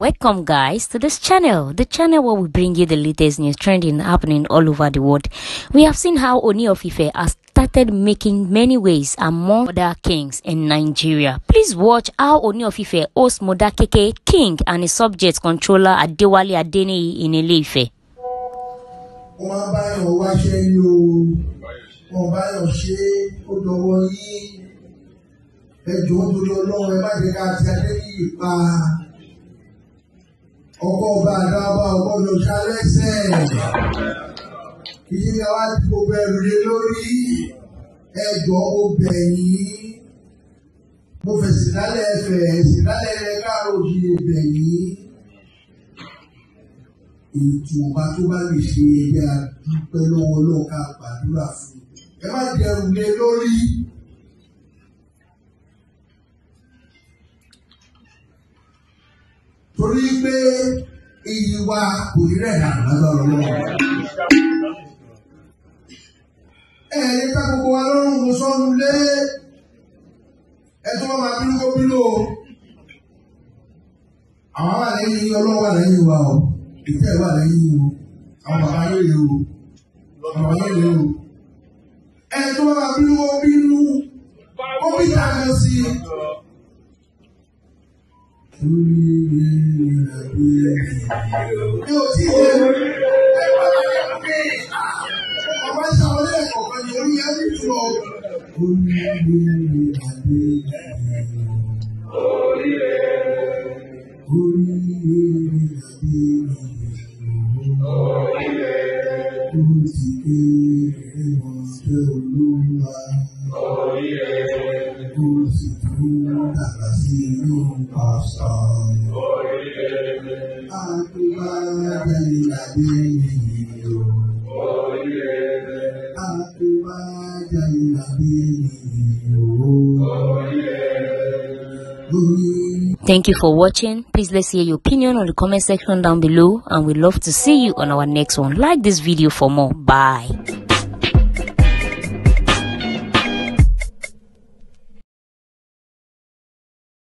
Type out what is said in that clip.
Welcome guys to this channel, the channel where we bring you the latest news trending happening all over the world. We have seen how Oni of has started making many ways among other kings in Nigeria. Please watch how Oni of Ife hosts Modakeke King and his subject controller Adewale Adeniyi in Ile-Ife. ọkọ ọba àdáwà ọgbọ́dọ̀ ká lẹ́sẹ̀ ìyá wa ti gbogbo ẹrù lé lórí ẹgbọ́ obẹ̀yìn mo fèsì lálẹ́ ẹ̀fẹ̀ ẹ̀sì lálẹ́ ẹ̀ káàró òjìlè bẹ̀yìn ìjọba tó bá lè ṣe ẹgbẹ́ àdúpẹ́ lọ́wọ́ lọ́ọ̀ká gbàdúrà fún ẹ má dẹrù lé lórí. torí pé iyì wa kò rí rẹ̀ hàn lọ́lọ́lọ́wọ́. ẹ ẹ ká gbogbo wa lọ́rùn mo sọ́nu lé ẹ tó máa bínú kó o àwọn wà lẹ́yìn ọlọ́wọ́ lẹ́yìn wa o ìtẹ́ wà lẹ́yìn o àwọn bàbá yóò lè o àwọn yóò lè o ẹ tó máa bínú kó bínú kó bí mi ò Thank you for watching. Please let's hear your opinion on the comment section down below and we love to see you on our next one. Like this video for more. Bye.